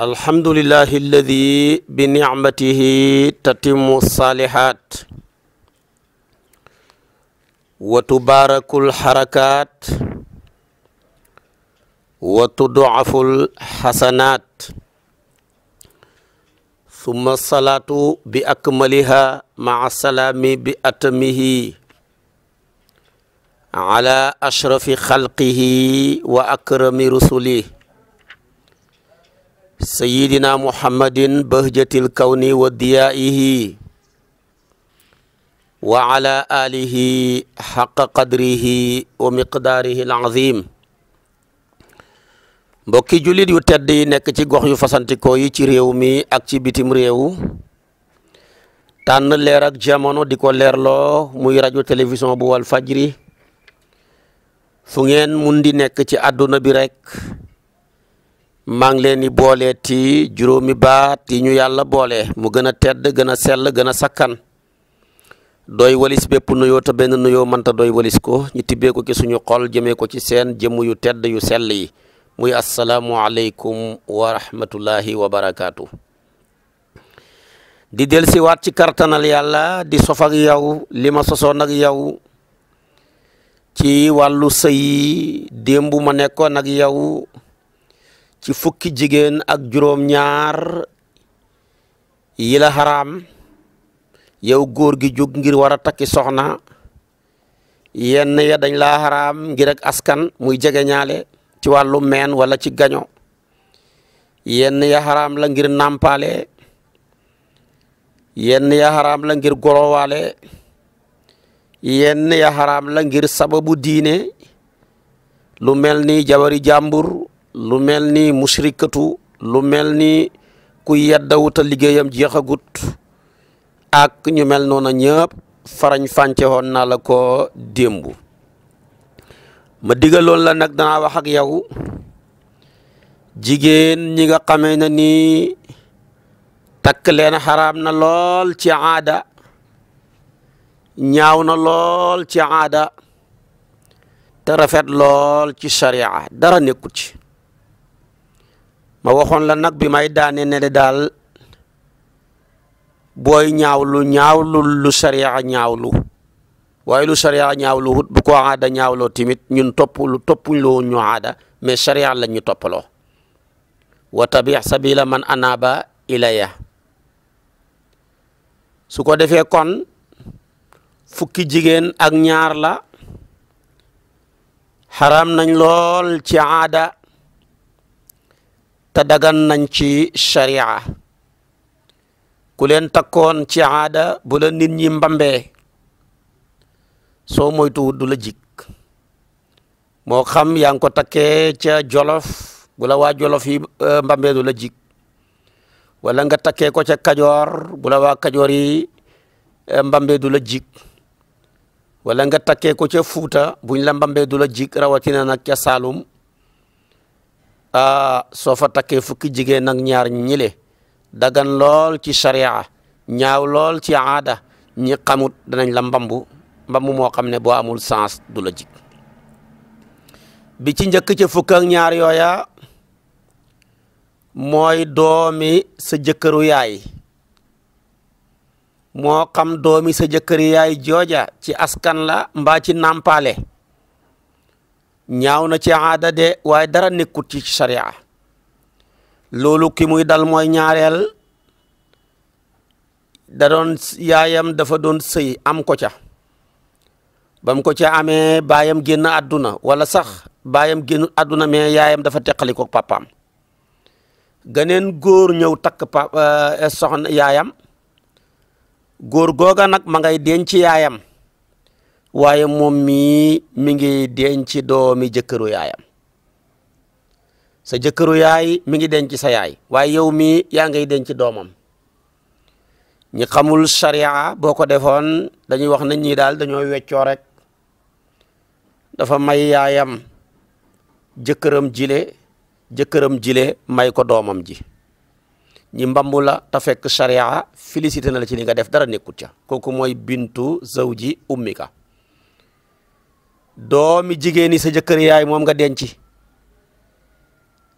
alhamdulillahi alladi bi nicmatihi tatimu saalihaat wa tubaaraku lxarakaat wa tudoafu lxasanaat summa salaatu bi akmaliha maa salaami bi atamihi ala ashrafi xalqihi wa akrami rusulih sayidina muhammadin bahjatil kawni wa diyaa'ihi wa ala alihi xaqa qadrihi wa miqdaarihi alazim mbokki jullit yu tedd yi nekk ci gox yu fasantikoo yi ci réew mi ak ci bitim réew tànn leerak ak jamono di ko leerloo muy rajo télévision bu wal fajri fu ngeen mun nekk ci àdduna bi rek maa ngi leen di boole ci juróomi baat yi ñu yàlla boole mu gën a tedd gën a sell gën a sakkan doy walis bépp nuyoo te benn nuyoo mënta doy walis ko ñu tibbee ko ci suñu xol jëmee ko ci seen jëmm yu tedd yu sell yi muy asalaamualeykum wa rahmatullahi wa barakaatu. di dellusiwaat ci kartanal yàlla di sof ak yow li ma sosoon ak yow. ci wàllu sëy démb ma nekkoon ak yow ci fukki jigéen ak juróom-ñaar yi la xaraam yow góor gi jóg ngir war a takki soxna yenn ya dañ laa xaraam ngir ak askan muy jege ñaale ci wàllu meen wala ci gaño yenn ya xaraam la ngir nàmpaale yenn ya xaraam la ngir gorowaale yenn ya xaraam la ngir sababu diine lu mel ni jabari jàmbur lu mel ni musrikatu lu mel ni ku yeddawuta liggéeyam jeexagut ak ñu mel noona ñëpp farañ fànce woon na la ko démb ma digaloon la nag danaa wax ak yow jigéen ñi nga xamee na ni takk leen xaraam na lool ci aada ñaaw na lool ci aada te rafet lool ci sharia dara nekkut ci ma waxoon la nag bi may daane ne daal booy ñaawlu ñaawlu lu sariya ñaawlu waaye lu sariya ñaawlu wut bu aada ñaawloo tamit ñun topp lu ñu aada mais sariya la ñu toppaloo wa tabix sabila man anaba ilaya su ko defee kon fukki jigéen ak ñaar la xaram nañ lool ci aada te dagan nañ ci sharia ku leen takkoon ci aada bu la nit ñi mbambe soo moytu du la jik moo xam yaa ngi ko takkee ca jolof bu la waa jolof yi euh, mbambee du la jik wala nga takkee ko ca kajoor bu la waa kajoor yi euh, mbambee du la jik wala nga takkee ko ca fuuta buñ la mbambee du la jik rawatina nag ca saalum soo fa takkee fukki jigéen ak ñaar ñile dagan lool ci sharia ñaaw lool ci aada ñi xamut danañ la mbambu mbambu moo xam ne boo amul sens du la jig bi ci njëkk ca fukk ak ñaar yooya mooy doomi sa jëkkëru yaay moo xam doomi sa jëkkëru yaay jooja ci askan la mbaa ci nàmpaale ñaaw na ci aada de waaye dara nekkut ci sharia loolu ki muy dal mooy ñaareel da doon yaayam dafa doon sëy am ko ca bam ko ca amee baayam génn àdduna wala sax baayam génn àdduna mais yaayam dafa teqali ko papaam ganeen góor ñëw takk pa eh, soxna yaayam góor googa nag ma ngay denc yaayam waaye moom mii mi ngi denc doomi jëkkëru yaayam sa jëkkëru yaay mi ngi denc sa yaay waaye yow mii yaa ngay denc doomam ñi xamul charia boo ko defoon dañuy wax na ñii daal dañoo weccoo rek dafa may yaayam jëkkëram jile jëkkëram jile may ko doomam ji ñi mbambu la te fekk charia félicité na la ci li nga def dara nekkut ca kooku mooy bintu zawji ummika doomi jigéeni sa jëkkër yaay moom nga denci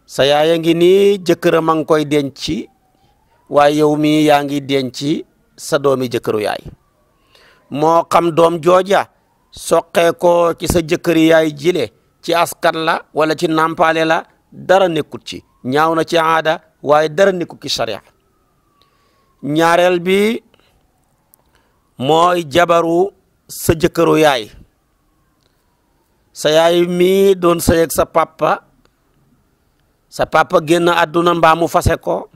sa yaaya ngi nii jëkkër ma ngi koy denc waaye yow mii yaa ngi denc sa doomi jëkkëru yaay moo xam doom jooja soqee ko ci sa jëkkër yaay jile ci askan la wala ci nampaale la dara nekkut ci ñaaw na ci aada waaye dara nekkut ci sharia ñaareel bi mooy jabaru sa jëkkëru yaay sa yaay mii doon sëy ak sa pappa sa papa génn àdduna mbaa mu fase ko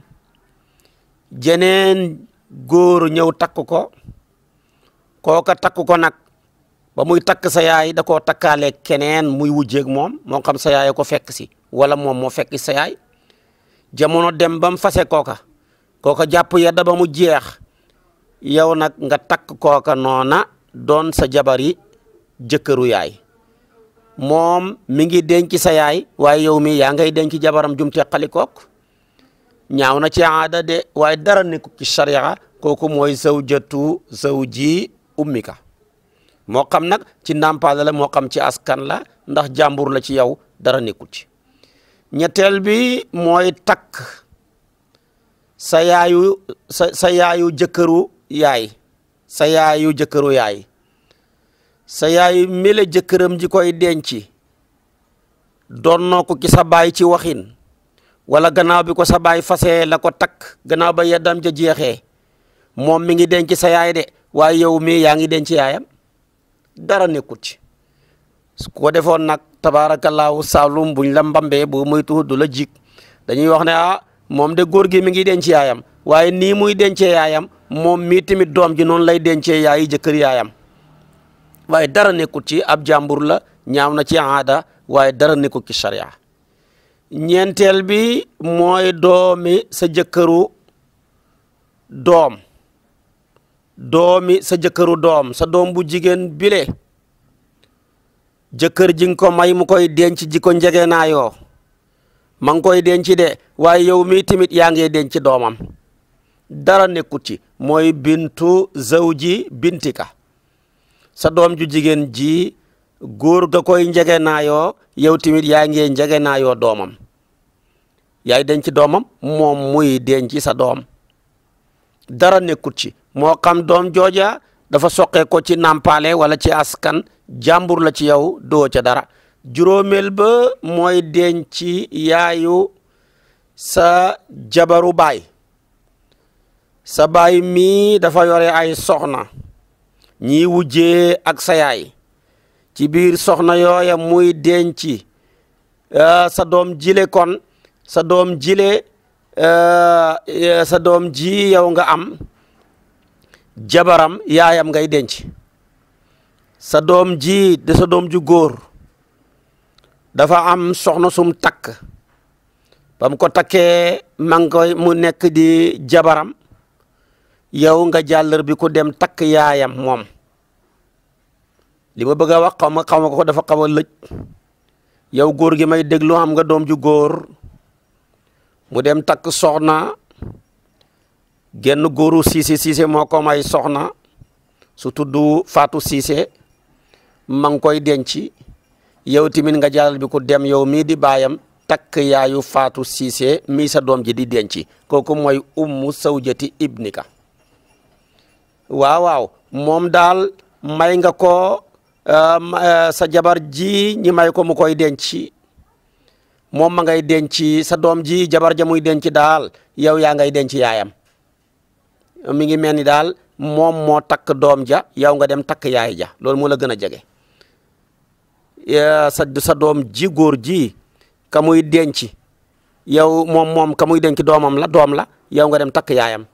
jeneen góor ñëw takk ko kooka takk ko nag ba muy takk sa yaay da koo takkaale keneen muy wujjeeg moom moo xam sa yaay ko fekk si wala moom moo fekk sa yaay jamono dem bam mu fase kooka kooka jàpp yedda ba mu jeex yow nag nga takk kooka noona doon sa jabar yi jëkkëru yaay moom mi ngi denc sa yaay waaye yow mi yaa ngay denc jabaram jum teqali kook ñaaw na ci aada de waaye dara nekku ci sharia kooku mooy zawjatu zawji ummika moo xam nag ci ndàmpaale la moo xam ci askan la ndax jàmbur la ci yow dara nekkul ci ñetteel bi mooy takk sa yaayu sa sa yaayu jëkkëru yaay sa yaayu jëkkëru yaay sa yaay mele jëkkëram ji koy denc doonnoo ko ki sa baay ci waxin wala gannaaw bi ko sa baay fasee la ko takk gannaaw ba yeddam ja jeexee moom mi ngi denc sa yaay de waaye yow mii yaa ngi denc yaayam dara nekkut ci su ko defoon nag tabaarakallaahu saalum buñ la mbambee boo moytu du la jik dañuy wax ne ah moom de góor gi mi ngi denc yaayam waaye nii muy dencee yaayam moom mii tamit doom ji noonu lay dencee yaayi jëkkër yaayam waaye dara nekkul ci ab jàmbur la ñaaw na ci aada waaye dara nekkul ci sharia ñeenteel bi mooy doomi sa jëkkëru doom doomi sa jëkkëru doom sa doom bu jigéen bile jëkkër jing ko may mu koy denc ji ko njegeenaayoo ma ngi koy denc de waaye yow mii tamit yaa ngi denc doomam dara nekkut ci mooy bintu zawji bintika sa doom ju jigéen ji góor ga koy njegenaayoo yow tamit yaa ngi njegenaayoo doomam yaay denc doomam moom muy denc sa doom dara nekkut ci moo kam doom jooja dafa soqee ko ci nàmpaale wala ci askan jàmbur la ci yow doo ca dara juróomeel ba mooy denc yaayu sa jabaru baay sa baay mii dafa yore ay soxna ñii wujjee ak sa yaay ci biir soxna yooya muy denc ah, sa doom jile kon sa doom jile ah, sa doom ji yow nga am jabaram yaayam ngay denc sa doom ji de sa doom ju góor dafa am soxna sum takk bam ko takkee ma mu nekk di jabaram yow nga jàllar bi ku dem takk yaayam moom lima ma bëgg a wax xaw ma xaw ko dafa xaw a lëj yow góor gi may déglu am nga doom ju góor mu dem takk soxna genn góoru siise siise moo ko may soxna su tudd faatu siise ma ngi koy denc yow tamit nga jàllal bi ku dem yow mii di baayam takk yaayu faatu siise mii sa doom ji di denc kooku mooy ummu sawjati ibnika waaw waaw moom daal may nga ko euh, euh, sa jabar ji ñi may ko mu koy denc moom ma ngay denc sa doom ji jabar ja muy denc daal yow yaa ngay denc yaayam mi ngi mel ni daal moom moo takk doom ja yow nga dem takk yaay ja loolu moo la gën a jege euh, sa sa doom ji góor ji ka muy denc yow moom moom ka muy denc doomam la doom la yow nga dem takk yaayam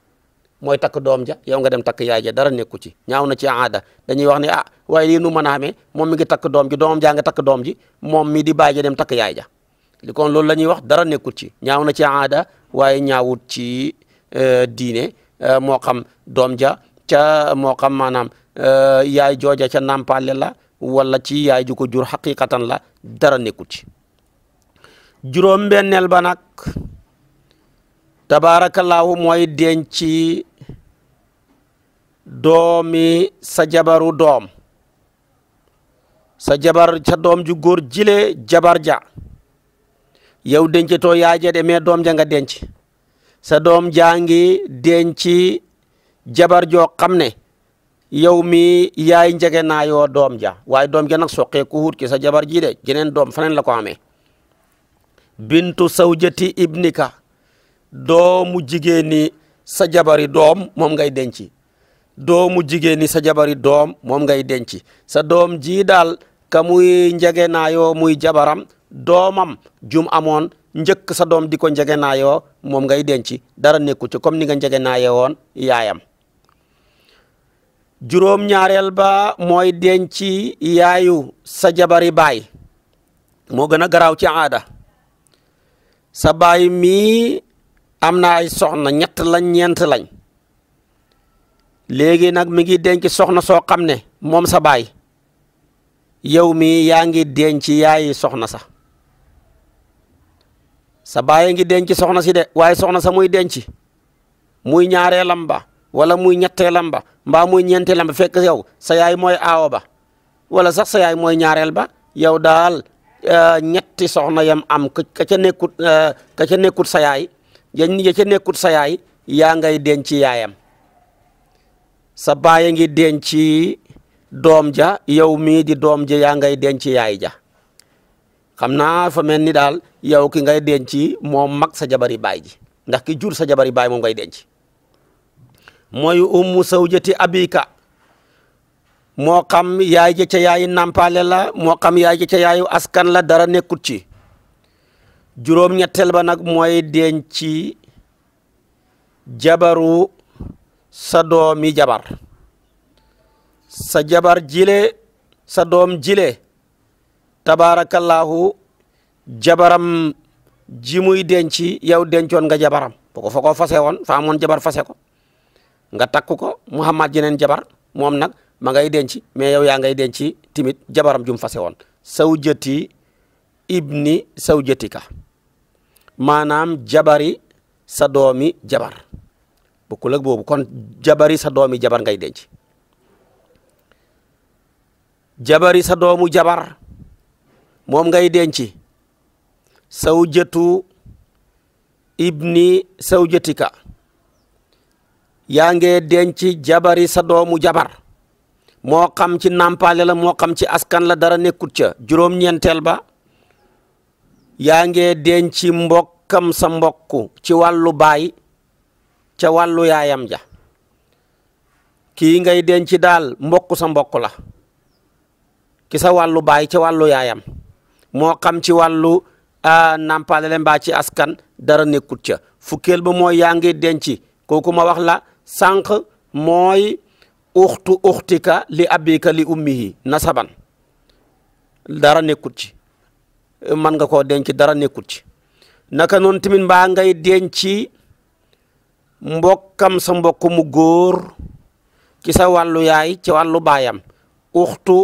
mooy takk doom ja yow nga dem takk yaay ja dara nekku ci ñaaw na ci aada dañuy wax ne ah waaye lii nu mën a amee moom mi ngi takk doom ji doom jaa nga takk doom ji moom mi di bàyyi ja dem takk yaay ja li kon loolu la ñuy wax dara nekkul ci ñaaw na ci aada waaye ñaawut ci eh, diine eh, moo xam doom ja ca moo xam maanaam eh, yaay jooja ca nampale la wala ci yaay ju ko jur xaqiqatan la dara nekkul ci juróom-benneel ba nag tabaarakallaahu mooy denc doomi sa jabaru doom sa jabar sa doom ju góor jile jabar ja yow denc too yaaje de mais doom ja nga denc sa doom jaa ngi denc jabar joo xam ne yow mi yaay njege naa yoo doom ja waaye doom ja nag soqee ku ki sa jabar ji de jeneen doom faneen la ko amee bintu sawjati ibnika doomu jigéeni sa jabari doom moom ngay denci doomu jigéen ñi sa jabari doom moom ngay denc sa doom ji daal ka muy njegenaayoo muy jabaram doomam jum amoon njëkk sa doom di ko njegenaayoo moom ngay denc dara nekku ci comme ni nga njegenaayoo woon yaayam juróom-ñaareel ba mooy denc yaayu sa jabari baay moo gën a garaaw ci aada sa baay mii am na ay soxna ñett lañ ñeent lañ léegi nag mi ngi denc soxna soo xam ne moom sa baay yow mi yaa ngi denc yaayi soxna sa sa baay ngi denc soxna si de waaye soxna sa muy denc muy ñaareelam lamba wala muy ñetteelam lamba mbaa muy ñeenteelam ba fekk yow sa yaay mooy aawo ba wala sax sa yaay mooy ñaareel ba yow daal euh, ñetti soxna yam am ka ca nekkut euh, ka ca nekkut sa yaay ya ca nekkut sa yaay yaa ngay denc yaayam sa baay a ngi denc doom ja yow mii di doom ja yaa ngay denc yaay ja xam naa fa mel ni daal yow ki ngay denc moo mag sa jabari baay ji nda ki jur sa jabari baay moom ngay denc mooy ummu sawjati abika moo xam yaay ja ca yaayu nampale la moo xam yaay ja ca yaayu askan la dara nekkut ci juróom-ñetteel ba nag mooy denc jabaru sa doomi jabar sa jabar jile sa doom jile tabaarakallaahu jabaram ji muy denci yow dencoon nga jabaram bu ko fa ko fase woon fa jabar fase ko nga takk ko Muhammad jeneen jabar moom nag ma ngay denc mais yow yaa ngay denci timit jabaram jum fase woon sawjati ibni sawjatika maanaam jabari sa doomi jabar bokkul ak boobu kon jabari sa doomi jabar ngay denc jabari sa doomu jabar moom ngay denc sawjatu ibni sawjatika yaa ngi denc jabari sa doomu jabar moo xam ci nampale la moo xam ci askan la dara nekkut ca juróom-ñeenteel ba yaa ngi denc mbokkam sa mbokk ci wàllu baay ca wàllu yaayam ja kii ngay denc daal mbokku sa mbokk la ki sa wàllu baay ca wàllu yaayam moo xam ci wàllu nampaale leen mbaa ci askan dara nekkut ca fukkeel ba mooy yaa ngi denc kooku ma wax la sànq mooy uxtu uxtika li abika li ummihi nasaban dara nekkut ci mën nga ko denc dara nekkut ci naka noonu tamit mbaa ngay denc mbokkam sa mbokk mu góor ci sa wàllu yaay ci wàllu baayam uxtu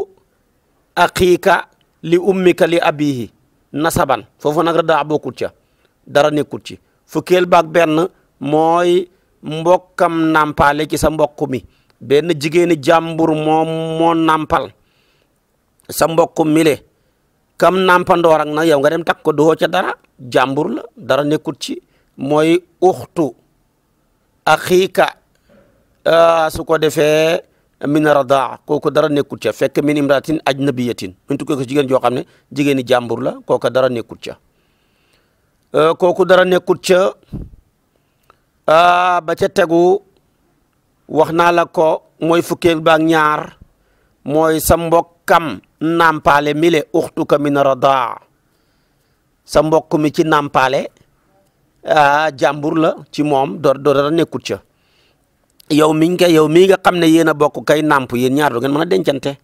aqiika li ummika li abihi nasaban foofu nag daa bokkut ca dara nekkut ci fukkeel bak benn mooy mbokkam nàmpaale ci sa mbokk mi benn jigéeni jàmbur moom moo nàmpal sa mbokk mile kam nàmpandoor ak nag yow nga dem takk ko doo ca dara jàmbur la dara nekkut ci mooy uxtu axiika ah, su ko defee min radaa kooku dara nekkul ca fekk min imratin ajnabiyatin min tukkee ko jigéen joo xam ne jigéeni jàmbur la kooka dara nekkul ca ah, kooku dara nekkul ca ah, ba ca tegu wax naa la ko mooy fukkeel baak ñaar mooy sa mbokkam nampaale mile uxtuka min daa sa mbokk mi ci nampaale ah jàmbur la ci moom doo doo dara nekkut ca yow miñ koy yow mii nga xam ne yéen a bokk kay nàmp yéen ñaar du ma mën a dencante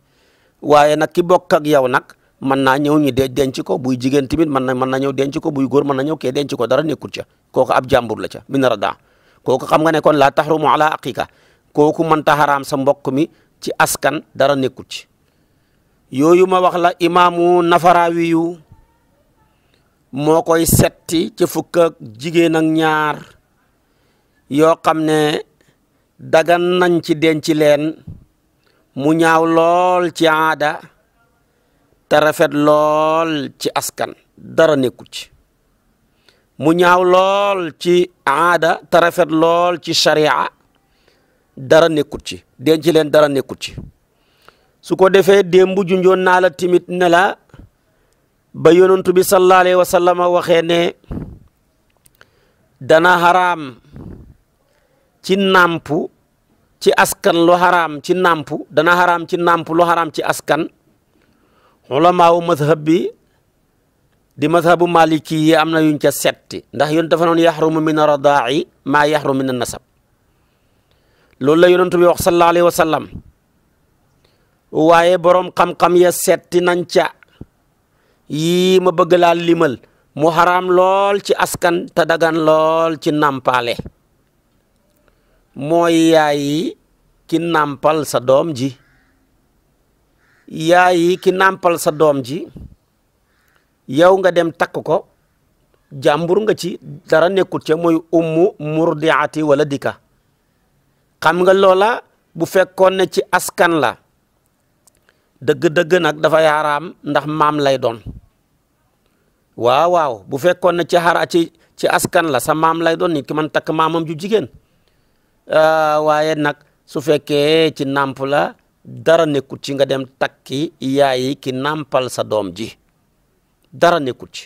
waaye nag ki bokk ak yow nag mën naa ñëw ñu de denc ko buy jigéen tamit mën na mën na ñëw denc ko buy góor mën na ñëw kee denc ko dara nekkut ca kooku ab jàmbur la ca min rada kooku xam nga ne kon laa tahrumu ala aqiqa kooku mën ta xaraam sa mbokk mi ci askan dara nekkut ci yooyu ma wax la imaamu nafarawiyu moo koy setti ci fukk ak jigéen ak ñaar yoo xam ne dagan nañ ci denc leen mu ñaaw lool ci aada te rafet lool ci askan dara nekku ci mu ñaaw lool ci aada te rafet lool ci sharia dara nekkut ci denc leen dara nekkut ci su ko defee démb junjoon naa la timit ne ba yonantu bi sallallahu alayhi wa sallam waxee ne dana xaraam ci nàmpu ci askan lu xaraam ci nàmpu dana xaraam ci nàmpu lu xaraam ci askan ulamaawu mazhab bi di mazhabu maliki yi am na yuñ ca setti ndax yon dafa noon yaxrumu min radaa'i maa yaxrumu min nasab loolu la yonent bi wax sallallahu waaye boroom xam-xam ya setti nañ ca yii ma bëgg laa limal mu xaraam lool ci askan te dagan lool ci nàmpaale mooy yaay ki nàmpal sa doom ji yaay ki nàmpal sa doom ji yow nga dem takk ko jàmbur nga ci dara nekkut ca mooy ummu murdiati wala dika xam nga loola bu fekkoon ne ci askan la dëgg-dëgg nag dafa xaraam ndax maam lay doon waawaaw bu fekkoon ne ci xara ci askan la sa maam lay doon nit ki man takk maamam ju jigéen ah, waaye nag su fekkee ci nàmp la dara nekkut ci nga dem takki yaayi ki nàmpal sa doom ji dara nekkut ci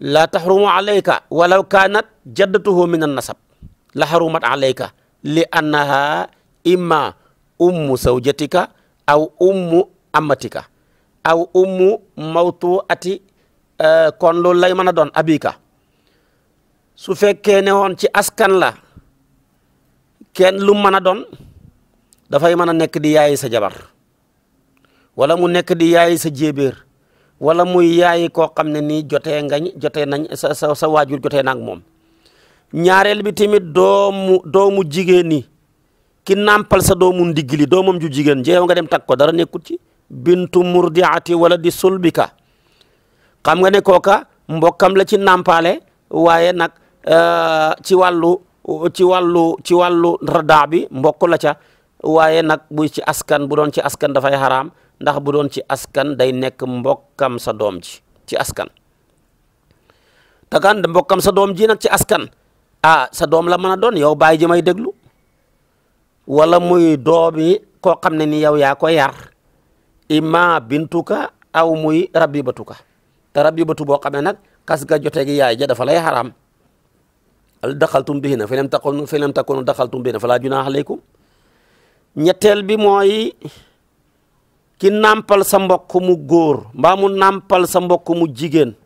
laa taxrumu alayka walaw kaanat jaddatuhu min an nasab la xarumat alayka li annaha imma ummu zawjatika aw ummu amatika aw ummu mawtu ati euh, kon loolu lay mën a doon abika su fekkee ne woon ci askan la kenn lu mën a doon dafay mën a nekk di yaayi sa jabar wala mu nekk di yaayi sa jéebéer walla muy yaayi koo xam ne nii jotee ngañ jotee nañ sa sa sa waajur jotee na moom ñaareel bi tamit doomu doomu jigéen ñi ki nàmpal sa doom doomu ndigli doomam ju jigéen jeew nga dem takk ko dara nekkut ci bintu murdiati wala di sulbika xam nga ne kooka mbokkam la ci nàmpaale waaye nag euh, ci wàllu ci wàllu ci wàllu radaa bi mbokk la ca waaye nag buy ci askan bu doon ci askan dafay xaraam ndax bu doon ci askan day nekk mbokkam sa doom ji ci askan takan mbokkam sa doom ji nag ci askan ah sa doom la mën a doon yow bàyyi ji may déglu wala muy doomi koo xam ne ni yow yaa ko yar imma bintuka aw muy rabibatuka te batu boo xam ne nag kas ga jote yaay ja fa lay xaraam al daxaltum bihinna fa lam takunu fa lam takunu daxaltum bihinna falaa junaaha aleykum ñetteel bi mooy ki nàmpal sa mbokk mu góor mbaa mu nàmpal sa mbokk mu jigéen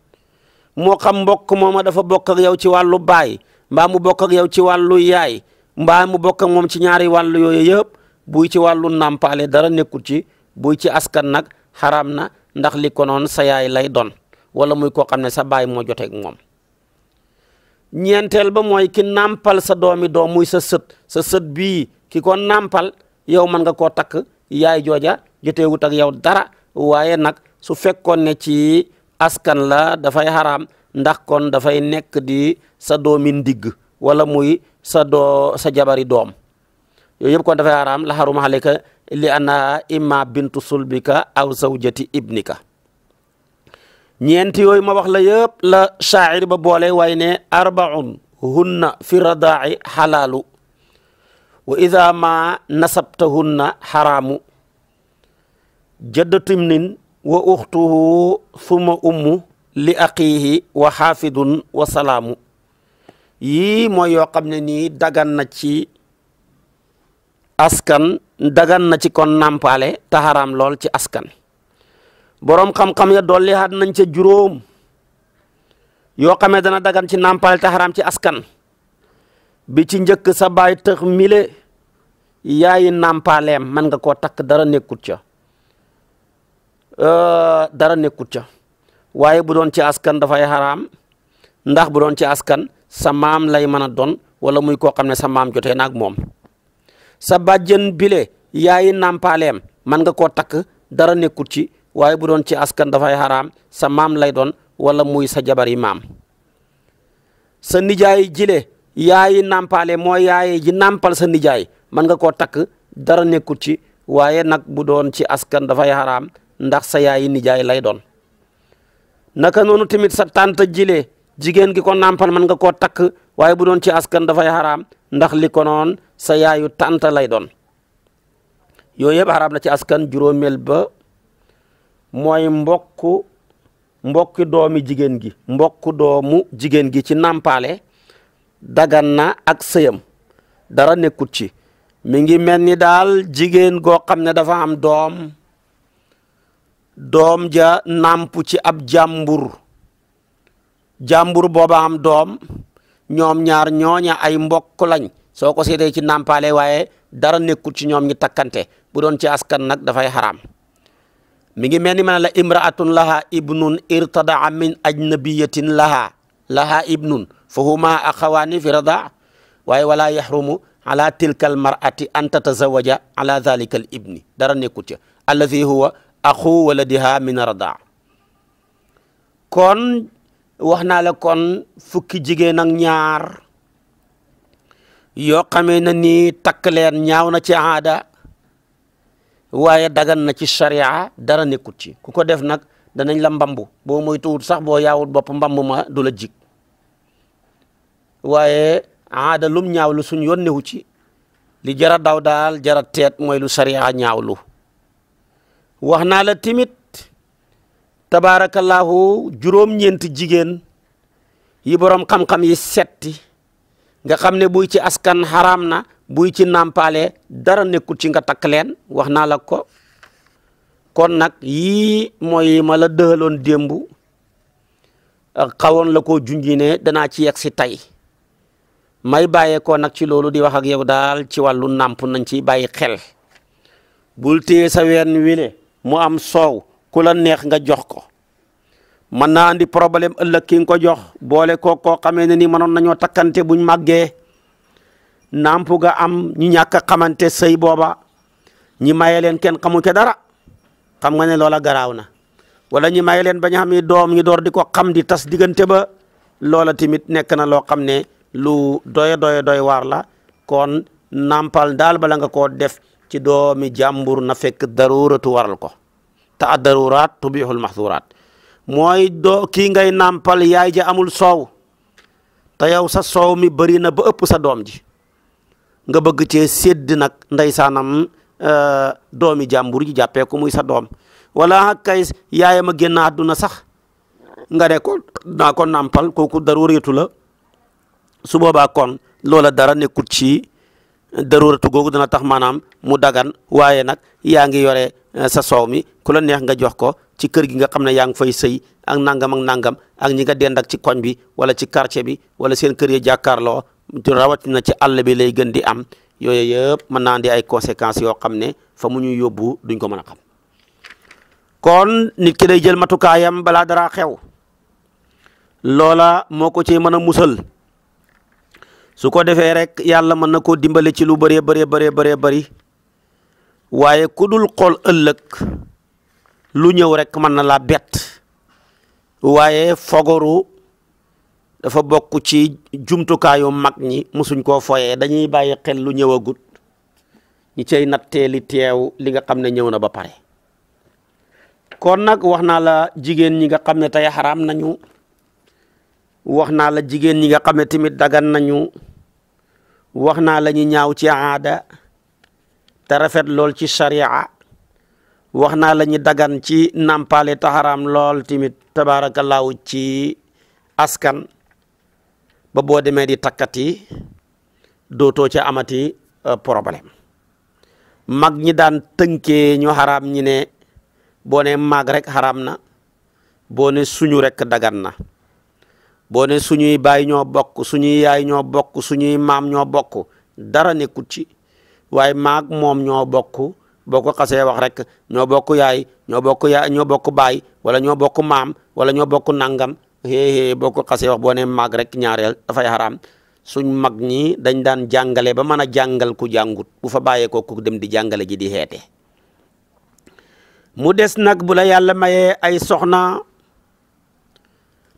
moo xam mbokk mooma dafa bokk ak yow ci wàllu baay mbaa mu bokkak ak yow ci wàllu yaay mbaa mu bokk moom ci ñaari wàll yooyu yëpp buy ci wàllu nàmpaale dara nekkul ci buy ci askan nag xaraam na ndax li konoon sa yaay lay doon wala muy koo xam ne sa baay moo joteeg moom ñeenteel ba mooy ki nàmpal sa doomi doom muy sa sët sa sët bi ki ko nàmpal yow mën nga koo takk yaay jooja joteewut ak yow dara waaye nag su fekkoon ne ci askan la dafay xaraam ndax kon dafay nekk di sa doomi ndigg wala muy sa doo sa jabari doom yooyu yëpp kon dafay xaraam la xaruma alayka li anna imma bintu sulbika aw zawjati ibnika ñeenti yooyu ma wax la yëpp la shaacir ba boole waaye ne arbaun hunna fi radaaci xalaalu wa ida ma nasabtahunna xaraamu jaddatimnin wa uxtuhu suma ummu li aqiihi wa xaafidun wa salaamu yii mooy yoo xam ne nii dagan na ci askan dagan na ci kon nàmpaale taxaraam lool ci askan boroom xam-xam ya dolli xaat nañ ca juróom yoo xam ne dana dagan ci nàmpaale taxaraam ci askan bi ci njëkk sa baay tëx mile yaayi nàmpaaleem man nga koo takk dara nekkut ca dara nekkut ca waaye bu doon ci askan dafay xaraam ndax bu doon ci askan sa maam lay mën a doon wala muy koo xam ne sa maam jotee nag moom sa bàjjen bile yaayi nàmpaaleem mën nga koo takk dara nekkut ci waaye bu doon ci askan dafay xaraam sa maam lay doon wala muy sa jabar yi maam sa nijaay jile yaayi nàmpaale mooy yaaye ji nàmpal sa nijaay mën nga koo takk dara nekkut ci waaye nag bu doon ci askan dafay xaraam ndax sa yaayi nijaay lay doon jile jigéen gi ko nàmpal mën nga koo takk waaye bu doon ci askan dafay xaraam ndax li ko noon sa yaayu tànta lay doon yooyu yëpp xaraam na ci askan juróomeel ba mooy mbokku mbokki doomi jigéen gi mbokku doomu jigéen gi ci nàmpaale dagan na ak sëyam dara nekkut ci mi ngi mel ni daal jigéen goo xam ne dafa am doom doom ja nàmp ci ab jàmbur jàmbur booba am doom ñoom ñaar ñooña ay mbokk lañ soo ko seetee ci nàmpaale waaye dara nekkul ci ñoom ñi takkante bu doon ci askan nag dafay xaraam mi ngi mel ni ma ne la imraatun laha ibnun irtadaa min ajnabiyatin laha laha ibnun fa huma axawaani fi waaye wala yaxrumu ala tilka mar'ati an tatazawaja ala dhalika ibni dara nekkul ca alladi huwa axu waladiha min radaa kon wax naa la kon fukki jigéen ak ñaar yoo xamee na ni takk leen ñaaw na ci aada waaye daga na ci sharia dara nekkut ci ku ko def nag danañ la mbambu boo moytuwul sax boo yaawut bopp mbambu ma dula la jig waaye aada lum ñaaw lu suñ yónnewu ci li jara daw daal jara teet mooy lu sharia ñaawlu wax naa la timit tabaarakallaahu juróom-ñeent jigéen yi boroom xam yi setti nga xam ne buy ci askan xaraam na buy ci nàmpaale dara nekkul ci nga takk leen wax naa la ko kon nag yii mooy ma la dëhaloon démb xawoon la koo junji ne danaa ci yegg si tey may bàyyeekoo nag ci loolu di wax ak yow daal ci wàllu nàmp nañ ci bàyyi xel bul téye sa ween wile mu am soow ku la neex nga jox ko mën naa di problème ëllëg ki nga ko jox boole koo koo xamee ne ni mënoon nañoo takkante buñ màggee nampu ga am ñu ñàkk a xamante sëy booba ñi maye leen kenn xamu ca dara xam nga ne loola garaaw na wala ñi maye leen ba ñu xam doom ñu door di ko xam di tas diggante ba loola tamit nekk na loo xam ne lu doy doy doy waar la kon nampal daal bala nga koo def ci doomi jàmbur na fekk daruratu waral ko a tu addaruuraat tubixul maxduuraat mooy doo kii ngay nàmpal yaay ja amul soow te yow sa soow mi bëri na ba ëpp sa doom ji nga bëgg cee sédd nag ndeysaanam euh, doomi jàmbur ji jàppee ko muy sa doom wala kay yaayam a génn àdduna sax nga ne ko naa ko nàmpal kooku daruureetu la su kon loola dara nekkut ci daruureetu googu dana tax maanaam mu dagan waaye nag yaa ngi yore Eh, sa soow mi ku la neex nga jox ko ci kër gi nga xam ne yaa ngi fay sëy ak nangam ak nangam ak ñi nga dend ak ci koñ bi wala ci quartier bi wala seen kër ya jàkkaarloo rawatina ci àll bi lay gën di am yooyu mën naa andi ay conséquences yoo xam ne fa mu ñuy yóbbu duñ ko mën a xam kon nit ki day jël matukaayam balaa dara xew loola moo ko ci mën a musal su ko defee rek yàlla mën na koo dimbale ci lu bëree bëree bëree bëree bëri waaye ku dul xool ëllëg lu ñëw rekk mën na laa bett waaye fogoru dafa bokk ci jumtukaayu mag ñi mosuñ koo foyee dañuy bàyyi xel lu ñëwagut ñu cey nattee li teew li nga xam ne ñëw na ba pare kon nag wax naa la jigéen ñi nga xam ne tey xaraam nañu wax naa la jigéen ñi nga xam ne tamit dagan nañu wax naa la ñu ñaaw ci aada te rafet lool ci sharia wax naa la ñu dagan ci nampale taxaraam lool tamit tabaarakallaahu ci askan ba boo demee di takkati dootoo ca amati euh, problème mag ñi daan tënkee ñu xaraam ñi ne boo ne mag rek xaraam na boo ne suñu rek dagan na boo ne suñuy baay ñoo bokk suñuy yaay ñoo bokk suñuy maam ñoo bokk dara nekkut ci waaye maag moom ñoo bokk boo ko xasee wax rek ñoo bokku yaay ñoo bokk yaay ñoo bokk baay wala ñoo bokk maam wala ñoo bokk nangam xéexée boo ko xasee wax boo ne maag rek ñaareel dafay xaraam suñ mag ñi dañ daan jàngale ba mën a jàngal ku jàngut bu fa bàyyee ko ku dem di jàngale ji di xeete mu des nag bu la yàlla maye ay soxna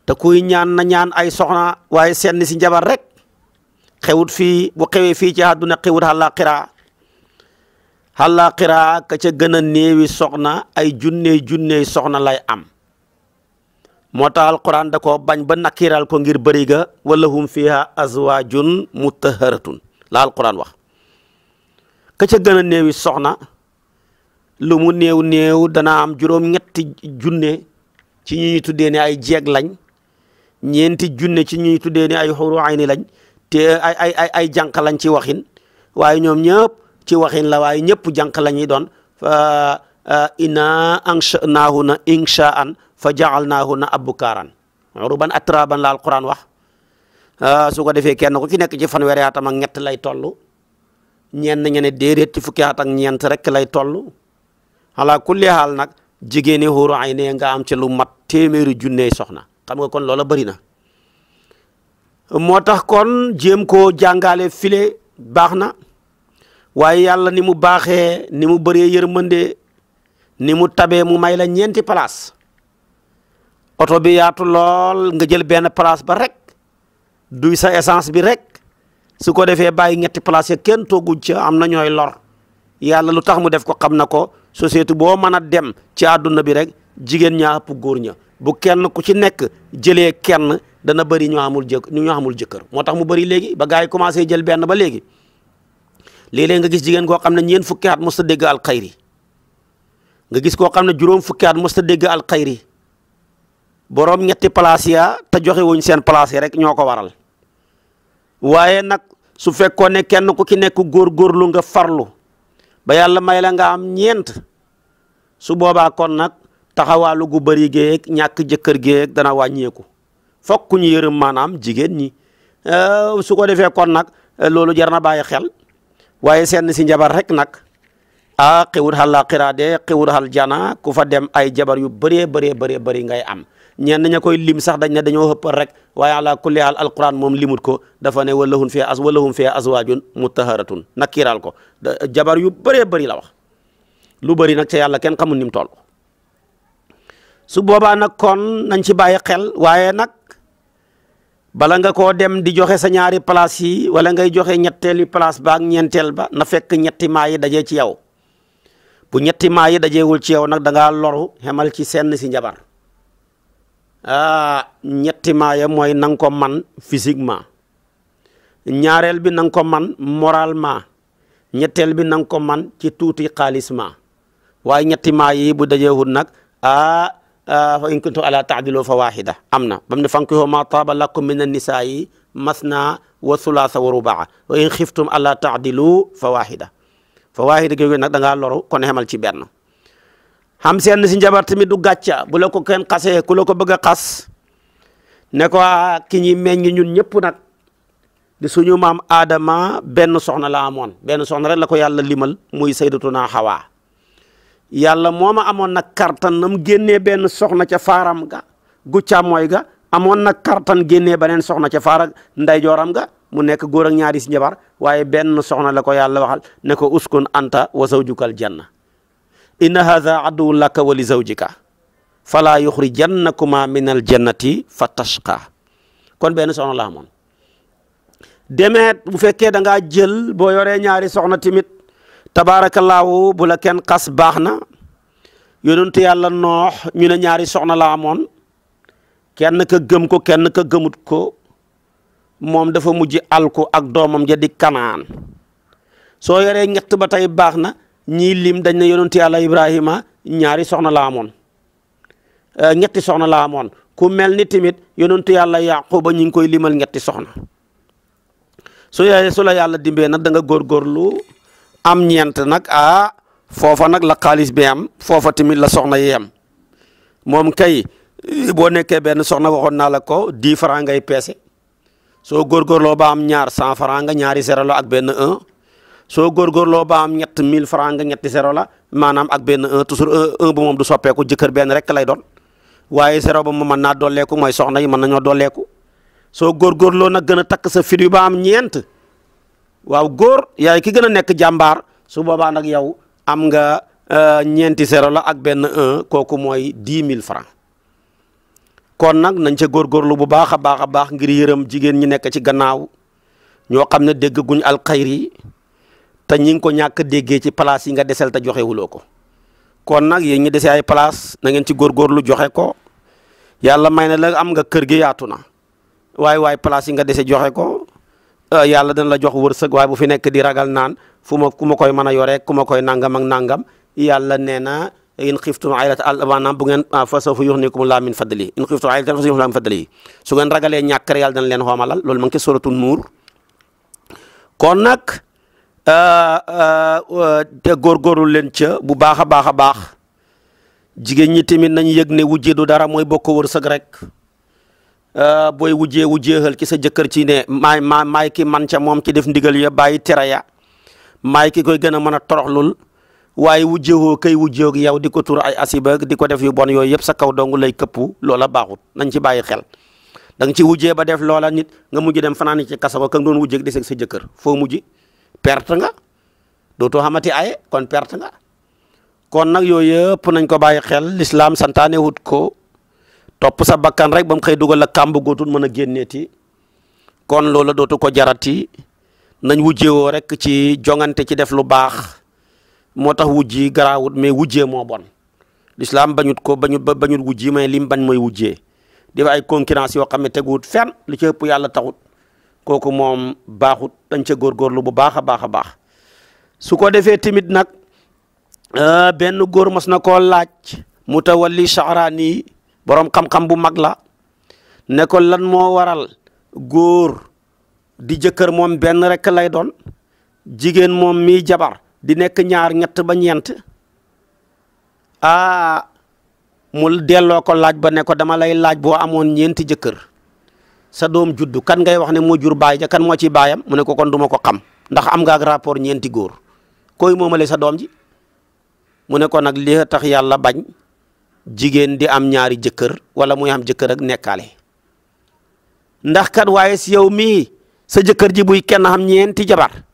te kuy ñaan na ñaan ay sokna waaye senn si njabar rek xewut fii bu xewee fii ci àdduna xewut àllaaxira xàllaa xiraa ka ca gën a néewi ay junney junney soxna lay am moo tax alquran da ko bañ ba nakiral ko ngir bëri ga wala hum fiha azwaajun mutaharatun la alquran wax ka ca gën a néewi soxna lu mu néew néew dana am juróom-ñetti junne ci ñi ñu tuddee ne ay jeeg lañ ñeenti junne ci ñi ñu tuddee ne ay xuru ayni lañ te ay ay ay jànq lañ ci waxin waaye ñoom ñëpp ci waxin la waaye ñëpp jànq la ñuy doon fa euh, inna anshanahuna inshaan fa jaalnahuna abukaaran uruban atraban la alquran wax euh, su ko defee kenn ku ci nekk ci fanweeri atam ak ñett lay toll ñenn ñene déedéet ci fukki at ak ñeent rek lay toll ala kulli haal nag jigéeni xuuru ay ne nga am lu mat téeméeri junney soxna xam nga kon loola bëri na moo tax kon jéem koo file baax na waaye yàlla ni mu baaxee ni mu bëree yërmande ni mu tabee mu may la ñeenti place oto bi yaatu lool nga jël benn place ba rekk duy sa essence bi rek su ko defee bàyyi ñetti place ya kenn tooguñ ca am na ñooy lor yàlla lu tax mu def ko xam na ko société boo mën a dem ci àdduna bi rek jigéen ñaa ëpp góor ña bu kenn ku ci nekk jëlee kenn dana bëri ñu amul jëk ñoo amul jëkkër moo tax mu bëri léegi ba gars yi commencé jël benn ba léegi léeg nga gis jigéen ko xam na ñeent fukki at mos a dégg nga gis koo xam ne juróom fukki at mos a dégg alxayri boroom ñetti place ya te joxe wuñ seen place rek ñoo ko waral waaye nag su fekkoon ne kenn ku ki nekk góorgóorlu nga farlu ba yàlla may la nga am ñeent su boobaa kon nag taxawaalu gu bari géeg ñàkk jëkkër géeg dana wàññeeku fokk ñu yërëm maanaam jigéen ñi su ko defee kon nag loolu jar na bàyyi xel waaye seen si njabar rek nag a xiwut xal laqira de xiwut xal jana ku fa dem ay jabar yu bëree bëree baree bëri ngay am ñenn ña koy lim sax dañ ne dañoo xëppal rek waaye ala kulli haal alquran moom limut ko dafa ne walahum fi as walahum fi azwaajun mutaharatun nakkiral ko jabar yu baree bëri la wax lu bëri nag ca yàlla kenn xamul ni mu su boobaa nag kon nañ ci bàyyi xel waaye nag bala nga koo dem di joxe sa ñaari place yi wala ngay joxe ñetteelu place ba ak ñeenteel ba na fekk ñetti maa yi dajee ci yow bu ñetti maa yi dajeewul ci yow nag da ngaa loru xemal ci senn si njabar ah ñetti maa ya mooy na nga ko man physiquement ñaareel bi nang nga ko man moralement ñetteel bi nang nga ko man ci tuuti xaalis ma waaye ñetti maa yi bu dajeewul nag ah Ah, fa in kuntum am na bam ne fankihu ma taaba lakum min annisaayi masna wa sulaasa wa rubaa wa in xiftum fa wahida fa wahida googu nag da ngaa loru kon xemal ci benn xam seen si njabar tamit du gàcca bu la ko kenn xasee ku la ko bëgg a xas ne ko ah, ki ñi meññ ñun ñëpp nag di suñu maam aadama benn soxna la amoon benn soxna rek la ko yàlla limal muy sayyidatuna Hawa yàlla mooma amoon nag kartan nam génnee benn soxna ca faaram ga gu moy ga amoon nag kartan génnee beneen soxna ca faara ndeyjooram ga mu nekk góor ak ñaari si njabar waaye benn soxna la ko yàlla waxal ne ko uskun anta wa zawjukal janna inna hadha aduwu laka wa li zawjika fala yuxrijannakuma min al jannati fa tashqa kon benn soxna la amoon demeet bu fekkee jël boo yoree ñaari soxna timit tabaarakallaahu bu la kenn xas baax na yonentu yàlla noox ñu ne ñaari soxna la amoon kenn ka gëm ko kenn ka gëmut ko moom dafa mujj alku ak doomam ja di kanaan soo yoree ñett ba tey baax na ñii lim dañ ne yonentu yàlla ibrahima ñaari soxna la amoon euh, ñetti soxna la amoon ku mel ni tamit yonentu yàlla yaquba ñu ngi koy limal ñetti soxna su yooyee su la yàlla dimbee nag danga nga góorgóorlu am ñeent nag ah foofa nag la xaalis bi am foofa tamit la soxna yi am moom kay boo nekkee benn soxna waxoon naa la ko di dix franc ngay peese soo góorgóorloo ba am ñaar cent ñaari zéro ak benn soo góorgóorloo ba am ñett mille franc nga ñetti zéro la maanaam ak benn un toujours un bu moom du soppeeku jëkkër benn rek lay doon waaye zéro ba mu mën naa dolleeku mooy soxna yi mën nañoo dolleeku soo góorgóorloo na gën a takk sa fir yu baa am ñeent. waaw góor yaay ki gën a nekk jàmbaar su boobaa nag yow am nga euh, ñeenti zéro la ak benn un kooku mooy dix mille francs kon nag nañ góor góorgóorlu bu baax a baax a baax ngir yërëm jigéen ñi nekk ci gannaaw ñoo xam ne dégg guñ alxayri te ñi ngi ko ñàkk déggee ci place yi nga desel te joxewuloo ko kon nag yéen ñi dese ay place na ngeen ci góor góorgóorlu joxe ko yàlla may na la am nga kër gi yaatu na waaye waaye place yi nga dese joxe ko Euh, yàlla dana la jox wërsëg waaye bu fi nekk di ragal naan fu ma ku ma koy mën a yoree ku ma koy nangam ak nangam yàlla nee na in xiftum aylat al maanaam bu ngeen ah, fa sawfa yuxnikum laa min fadli in xiftum aylatan fa sawfa yuxnikum laa min fadli su ngeen ragalee ñàkk rek yàlla dana leen xoomalal loolu ma ngi ci suratul nuur kon nag euh, euh, te góorgóorlu leen ca bu baax a baax a baax jigéen ñi tamit nañ yëg ne wujjeedu dara mooy bokk wërsëg rek Euh, booy wujjee wujjeexal ki sa jëkkër ci ne maay maa maay ki man ca moom ki def ndigal ya bàyyi tere ya maay ki koy gën a mën a toroxlul waaye wujjeewoo kay wujjeeg yow di ko tur ay asiba di ko def yu bon yooyu yëpp sa kaw dong lay këpp loola baaxut nañ ci bàyyi xel da nga wujjee ba def loola nit nga mujj dem fanaani ci kaso ba doon wujjeeg di seg sa jëkkër foo mujj perte nga dootoo xamati aye kon perte nga kon nag yooy yëpp nañ ko bàyyi xel l'islam santaane wut ko topp sa rek ba mu xëy dugal la kàmb gootul mën a génneeti kon loola dootu ko jarati nañ woo rek ci jongante ci def lu baax moo tax wujji garaawut mais wujjee moo bon lislaam bañut ko bañut ba bañut wujji mais lim bañ mooy wujjee difa ay concurrence yoo xam ne teguwut fenn li ci ëpp yàlla taxut kooku moom baaxut dañ ca góorgóorlu bu baax a baax a baax su defee tamit nag euh, benn góor mas na laaj mu tawalli shahraani boroom xam-xam bu mag la ne ko lan moo waral góor di jëkkër moom benn rekk lay doon jigéen moom mi jabar di nekk ñaar ñett ba ñeent aa mu delloo ko laaj ba ne ko dama lay laaj boo amoon ñeenti jëkkër sa doom juddu kan ngay wax ne moo jur baay ja kan moo ci baayam mu ne ko kon duma ko xam ndax am nga rapport ñeenti góor koy moomale sa doom ji mu ne ko nag li tax yàlla bañ jigéen di am ñaari jëkkër wala mu am jëkkër ak nekkaale ndax kat waaye si yow mi sa jëkkër ji buy kenn am ñeenti jabar